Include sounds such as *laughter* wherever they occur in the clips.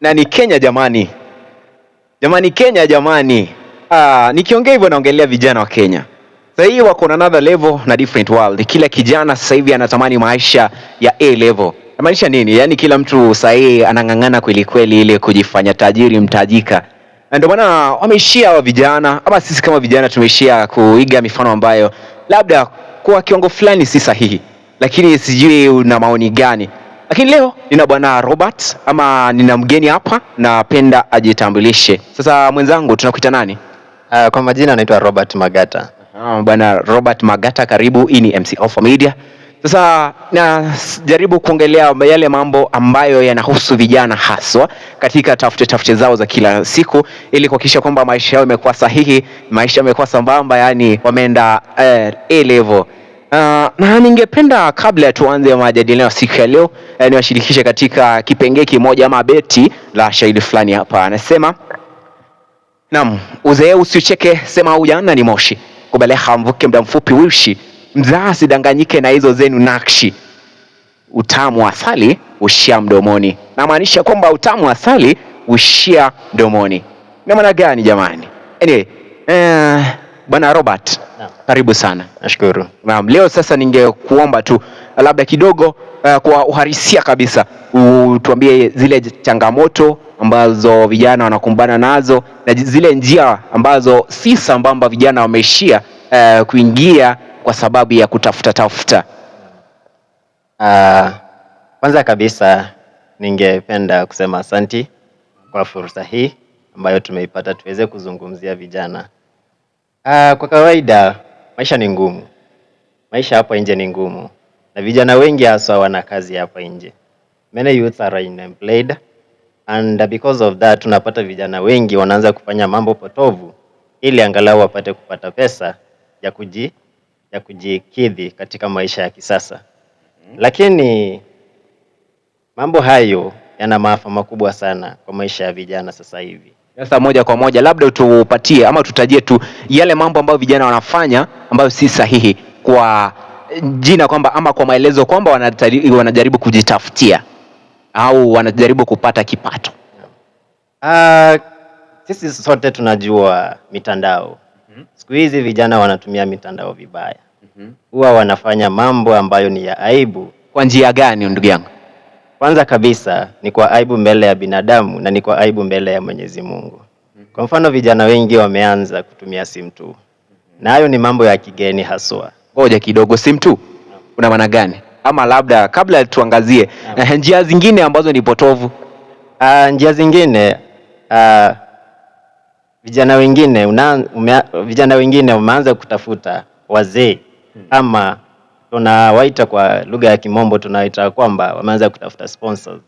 na ni Kenya jamani, jamani Kenya jamani. Ah, nikiongea hivyo naongelea vijana wa Kenya sasa hii wako na another level na different world. Kila kijana sasa hivi anatamani maisha ya A level. Inamaanisha nini? Yaani kila mtu sasa hivi anang'ang'ana kweli kweli ile kujifanya tajiri mtajika. Na ndio maana wameishia hawa vijana ama sisi kama vijana tumeishia kuiga mifano ambayo labda kwa kiwango fulani si sahihi. Lakini sijui una maoni gani? Lakini leo nina bwana Robert ama nina mgeni hapa, napenda ajitambulishe. Sasa mwenzangu, tunakuita nani? Uh, kwa majina anaitwa Robert Magata. Uh, bwana Robert Magata, karibu. Hii ni MC Alpha Media. Sasa najaribu kuongelea yale mambo ambayo yanahusu vijana haswa katika tafute tafute zao za kila siku, ili kuhakikisha kwamba maisha yao yamekuwa sahihi, maisha yamekuwa sambamba, yani wameenda eh, A level Uh, na ningependa kabla tuanze majadiliano siku ya leo eh, niwashirikishe katika kipengee kimoja ama beti la shairi fulani hapa. Anasema, naam, uzee usicheke, sema ujana ni moshi, kubaleha mvuke muda mfupi wishi, mzaa sidanganyike na hizo zenu nakshi, utamu wa asali ushia mdomoni. Namaanisha kwamba utamu asali ushia mdomoni. Na maana gani jamani? Anyway, eh, bwana Robert karibu sana. Nashukuru. Naam, leo sasa ningekuomba tu labda kidogo uh, kwa uharisia kabisa utuambie zile changamoto ambazo vijana wanakumbana nazo na zile njia ambazo si sambamba vijana wameishia uh, kuingia kwa sababu ya kutafuta tafuta. Uh, kwanza kabisa ningependa kusema asanti kwa fursa hii ambayo tumeipata tuweze kuzungumzia vijana Uh, kwa kawaida maisha ni ngumu, maisha hapa nje ni ngumu, na vijana wengi haswa wana kazi hapa nje. Many youth are unemployed and because of that tunapata vijana wengi wanaanza kufanya mambo potovu ili angalau wapate kupata pesa ya kuji ya kujikidhi katika maisha ya kisasa. Mm-hmm. Lakini mambo hayo yana maafa makubwa sana kwa maisha ya vijana sasa hivi. Sasa moja kwa moja, labda tupatie ama tutajie tu yale mambo ambayo vijana wanafanya ambayo si sahihi, kwa jina kwamba ama kwa maelezo kwamba wanajaribu kujitafutia au wanajaribu kupata kipato. Uh, sisi sote tunajua mitandao mhm. Siku hizi vijana wanatumia mitandao vibaya mm huwa -hmm. Wanafanya mambo ambayo ni ya aibu. Kwa njia gani, ndugu yangu? Kwanza kabisa ni kwa aibu mbele ya binadamu na ni kwa aibu mbele ya Mwenyezi Mungu. Kwa mfano, vijana wengi wameanza kutumia simu tu, na hayo ni mambo ya kigeni haswa. Ngoja kidogo, simu tu una maana gani? Ama labda kabla tuangazie uh, njia zingine ambazo ni potovu. Uh, njia zingine uh, vijana wengine una, ume, vijana wengine wameanza kutafuta wazee hmm. ama tunawaita kwa lugha ya Kimombo tunawaita kwamba wameanza kutafuta sponsors,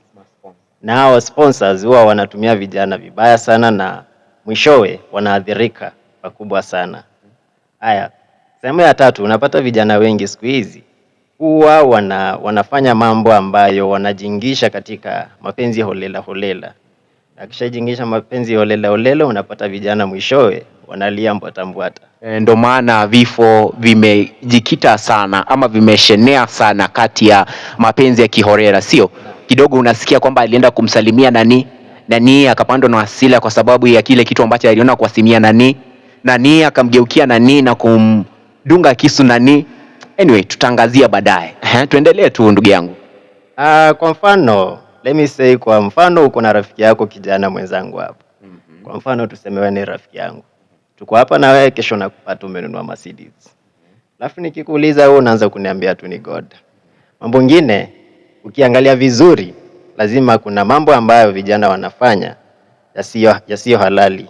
na hao sponsors huwa wanatumia vijana vibaya sana, na mwishowe wanaathirika pakubwa sana. Haya, sehemu ya tatu, unapata vijana wengi siku hizi huwa wana, wanafanya mambo ambayo wanajingisha katika mapenzi holela holela. akishajingisha mapenzi holela holela, unapata vijana mwishowe wanalia mbwata. E, ndo maana vifo vimejikita sana ama vimeshenea sana kati ya mapenzi ya kihorera, sio kidogo. Unasikia kwamba alienda kumsalimia nani nani, akapandwa na hasira kwa sababu ya kile kitu ambacho aliona kuwasimia nani nani, akamgeukia nani na kumdunga kisu nani. Anyway, tutaangazia baadaye. Tuendelee tu ndugu yangu. Uh, kwa mfano let me say, kwa mfano uko na rafiki yako kijana mwenzangu hapo, mhm. kwa mfano tuseme wewe ni rafiki yangu tuko hapa na wewe, kesho nakupa umenunua Mercedes. Alafu nikikuuliza wewe unaanza kuniambia tu ni God. Mambo mengine ukiangalia vizuri, lazima kuna mambo ambayo vijana wanafanya yasiyo yasiyo halali.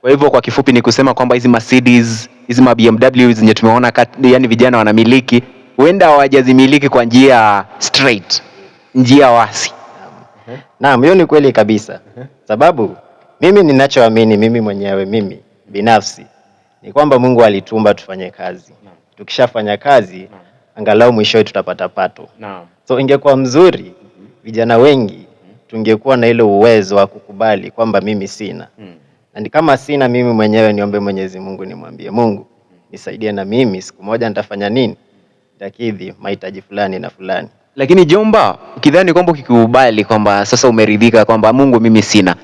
Kwa hivyo kwa kifupi ni kusema kwamba hizi Mercedes, hizi ma BMW zenye tumeona kati, yani vijana wanamiliki huenda hawajazimiliki kwa njia straight, njia wasi. Naam, hiyo ni kweli kabisa, sababu mimi ninachoamini mimi mwenyewe mimi binafsi ni kwamba Mungu alituumba tufanye kazi Tukishafanya kazi angalau mwishowe tutapata pato So ingekuwa mzuri mhm. vijana wengi mhm. tungekuwa na ile uwezo wa kukubali kwamba mimi sina mhm. na kama sina mimi mwenyewe niombe Mwenyezi Mungu, nimwambie Mungu nisaidie na mimi siku moja nitafanya nini, nitakidhi mahitaji fulani na fulani. Lakini jomba, ukidhani kwamba ukikubali kwamba sasa umeridhika kwamba Mungu mimi sina hmm.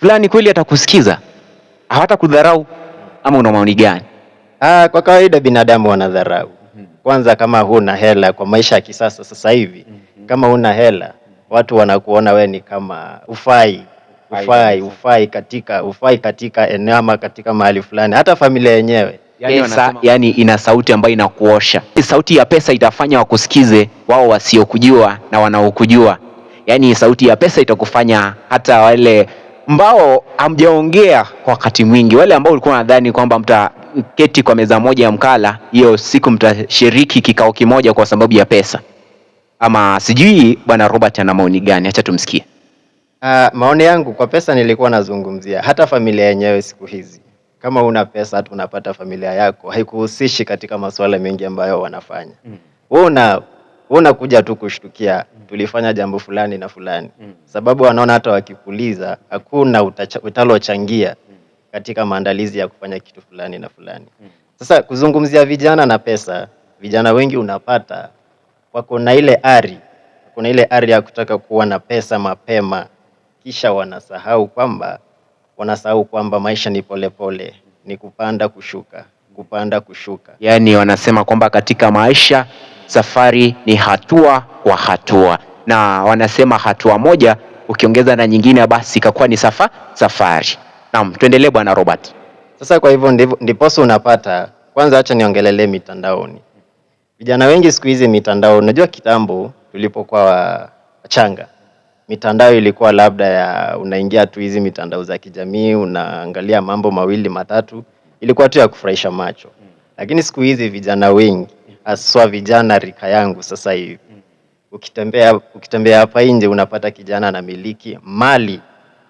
fulani, kweli atakusikiza? hawata kudharau ama una maoni gani? Ah, kwa kawaida binadamu wanadharau mm-hmm. kwanza, kama huna hela. Kwa maisha ya kisasa sasa hivi, mm-hmm. kama huna hela, watu wanakuona we ni kama ufai ufai ufai katika ufai katika eneo ama katika mahali fulani, hata familia yenyewe yani, pesa, yani ina sauti ambayo inakuosha. Sauti ya pesa itafanya wakusikize wao wasiokujua na wanaokujua, yani sauti ya pesa itakufanya hata wale ambao hamjaongea wakati mwingi, wale ambao ulikuwa nadhani kwamba mtaketi kwa meza moja ya mkala hiyo siku, mtashiriki kikao kimoja kwa sababu ya pesa ama sijui. Bwana Robert ana maoni gani? Acha tumsikie. Uh, maoni yangu kwa pesa nilikuwa nazungumzia hata familia yenyewe siku hizi kama una pesa tu unapata familia yako haikuhusishi katika masuala mengi ambayo wanafanya. Mm. una unakuja tu kushtukia tulifanya jambo fulani na fulani mm. Sababu wanaona hata wakipuliza hakuna utalochangia mm. katika maandalizi ya kufanya kitu fulani na fulani mm. Sasa kuzungumzia vijana na pesa, vijana wengi unapata wako na ile ari, kuna ile ari ya kutaka kuwa na pesa mapema, kisha wanasahau kwamba wanasahau kwamba maisha ni polepole pole, ni kupanda kushuka, kupanda kushuka. Yaani wanasema kwamba katika maisha safari ni hatua kwa hatua, na wanasema hatua moja ukiongeza na nyingine, basi ikakuwa ni safa safari. Naam, tuendelee bwana Robert. Sasa kwa hivyo ndiposa unapata kwanza, acha niongelele mitandaoni. Vijana wengi siku hizi mitandao, unajua kitambo tulipokuwa wachanga mitandao ilikuwa labda ya unaingia tu hizi mitandao za kijamii unaangalia mambo mawili matatu, ilikuwa tu ya kufurahisha macho. Lakini siku hizi vijana wengi haswa vijana rika yangu sasa hivi. Mm. Ukitembea, ukitembea hapa nje unapata kijana anamiliki mali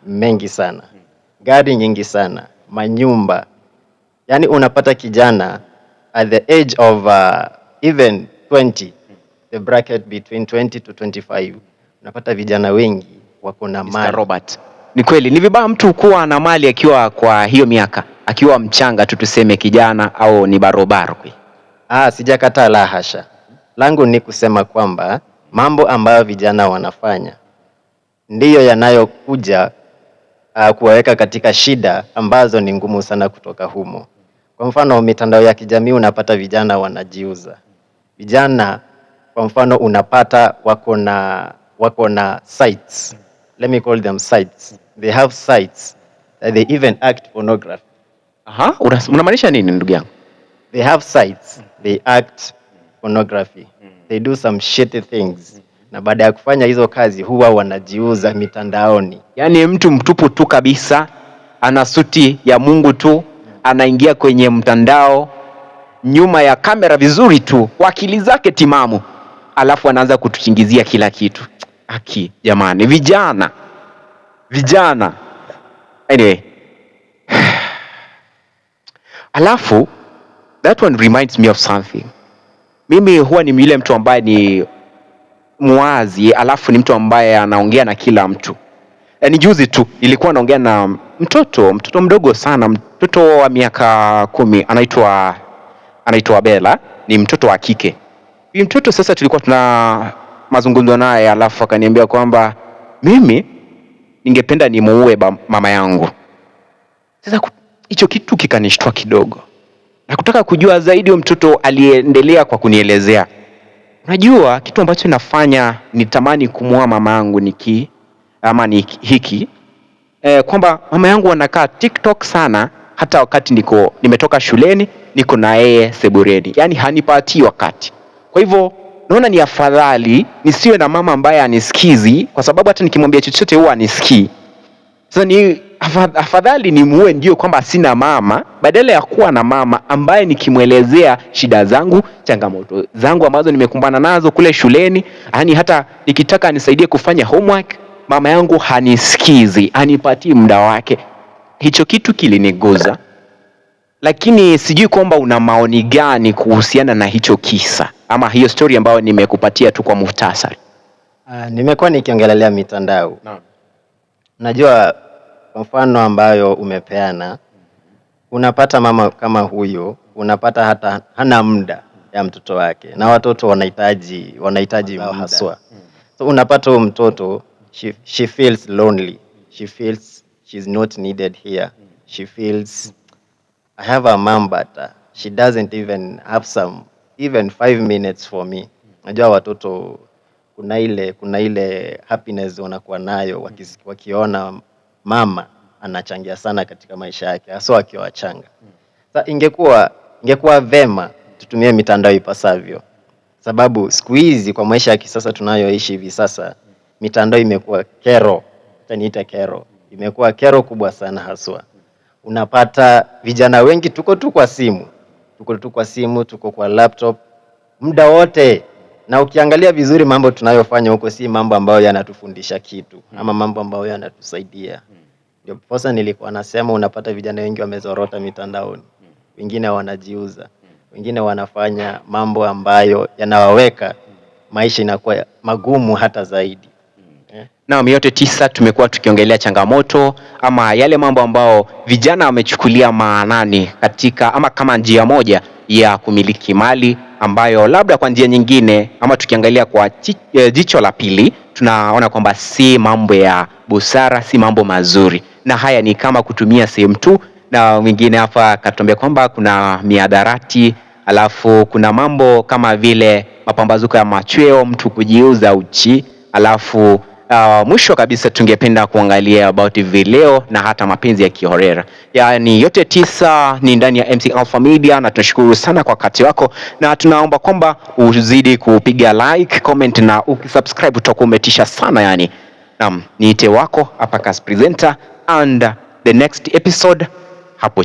mengi sana, mm. gari nyingi sana, manyumba. Yaani unapata kijana at the age of uh, even 20 the bracket between 20 to 25 unapata vijana wengi wako na mali. Robert, ni kweli ni vibaya mtu kuwa na mali akiwa kwa hiyo miaka, akiwa mchanga tu tuseme kijana au ni barobaro. Ah, sijakataa la hasha. Langu ni kusema kwamba mambo ambayo vijana wanafanya ndiyo yanayokuja uh, kuwaweka katika shida ambazo ni ngumu sana kutoka humo. Kwa mfano, mitandao ya kijamii unapata vijana wanajiuza. Vijana kwa mfano unapata wako na wako na sites. Let me call them sites. They have sites that they even act pornography. Aha, unamaanisha nini ndugu yangu? They have sites, they act pornography, mm. they do some shitty things na baada ya kufanya hizo kazi huwa wanajiuza mitandaoni. Yaani mtu mtupu tu kabisa, ana suti ya Mungu tu, anaingia kwenye mtandao nyuma ya kamera vizuri tu kwa akili zake timamu, alafu anaanza kutuchingizia kila kitu. Aki jamani, vijana vijana, anyway. *sighs* Alafu That one reminds me of something. Mimi huwa ni yule mtu ambaye ni mwazi, alafu ni mtu ambaye anaongea na kila mtu. Eh, ni juzi tu ilikuwa anaongea na mtoto mtoto mdogo sana, mtoto wa miaka kumi, anaitwa anaitwa Bella, ni mtoto wa kike. Huyu mtoto sasa, tulikuwa tuna mazungumzo naye, alafu akaniambia kwamba mimi ningependa nimuue mama yangu. Sasa hicho kitu kikanishtua kidogo, na kutaka kujua zaidi. Huyo mtoto aliendelea kwa kunielezea, unajua kitu ambacho nafanya nitamani kumwoa mama yangu niki ama ni hiki e, kwamba mama yangu anakaa TikTok sana, hata wakati niko nimetoka shuleni niko na yeye sebureni, yaani hanipatii wakati. Kwa hivyo naona ni afadhali nisiwe na mama ambaye anisikizi, kwa sababu hata nikimwambia chochote huwa anisikii. Sasa ni afadhali ni muue ndio kwamba sina mama, badala ya kuwa na mama ambaye nikimwelezea shida zangu, changamoto zangu ambazo nimekumbana nazo kule shuleni, yani hata nikitaka nisaidie kufanya homework, mama yangu hanisikizi, anipatii muda wake. Hicho kitu kiliniguza, lakini sijui kwamba una maoni gani kuhusiana na hicho kisa ama hiyo story ambayo nimekupatia tu kwa muhtasari. Uh, nimekuwa nikiongelelea mitandao. Najua kwa mfano ambayo umepeana, unapata mama kama huyu, unapata hata hana muda ya mtoto wake, na watoto wanahitaji wanahitaji haswa. Hmm. So unapata huyo mtoto she, she feels lonely, she feels she's not needed here, hmm. she feels I have a mom but uh, she doesn't even have some even five minutes for me. Najua watoto kuna ile kuna ile happiness wanakuwa nayo wakiona mama anachangia sana katika maisha yake hasa akiwa wachanga. Sasa ingekuwa ingekuwa vema tutumie mitandao ipasavyo, sababu siku hizi kwa maisha ya kisasa tunayoishi hivi sasa, mitandao imekuwa kero, taniita kero, imekuwa kero kubwa sana haswa. Unapata vijana wengi tuko tu kwa simu, tuko tu kwa simu, tuko kwa laptop muda wote na ukiangalia vizuri mambo tunayofanya huko si mambo ambayo yanatufundisha kitu ama mambo ambayo yanatusaidia. Ndio posa nilikuwa nasema, unapata vijana wengi wamezorota mitandaoni, wengine wanajiuza, wengine wanafanya mambo ambayo yanawaweka maisha inakuwa magumu hata zaidi. Eh? Na yote tisa tumekuwa tukiongelea changamoto ama yale mambo ambao vijana wamechukulia maanani katika ama kama njia moja ya kumiliki mali ambayo labda kwa njia nyingine ama tukiangalia kwa e, jicho la pili tunaona kwamba si mambo ya busara, si mambo mazuri, na haya ni kama kutumia sehemu tu. Na mwingine hapa akatuambia kwamba kuna miadarati, alafu kuna mambo kama vile mapambazuko ya machweo, mtu kujiuza uchi, alafu Uh, mwisho kabisa tungependa kuangalia about vileo na hata mapenzi ya kihorera Yaani yote tisa ni ndani ya MC Alpha Media na tunashukuru sana kwa wakati wako na tunaomba kwamba uzidi kupiga like, comment na ukisubscribe utakuwa umetisha sana yani. Naam, niite wako hapa Kas presenter and the next episode hapo.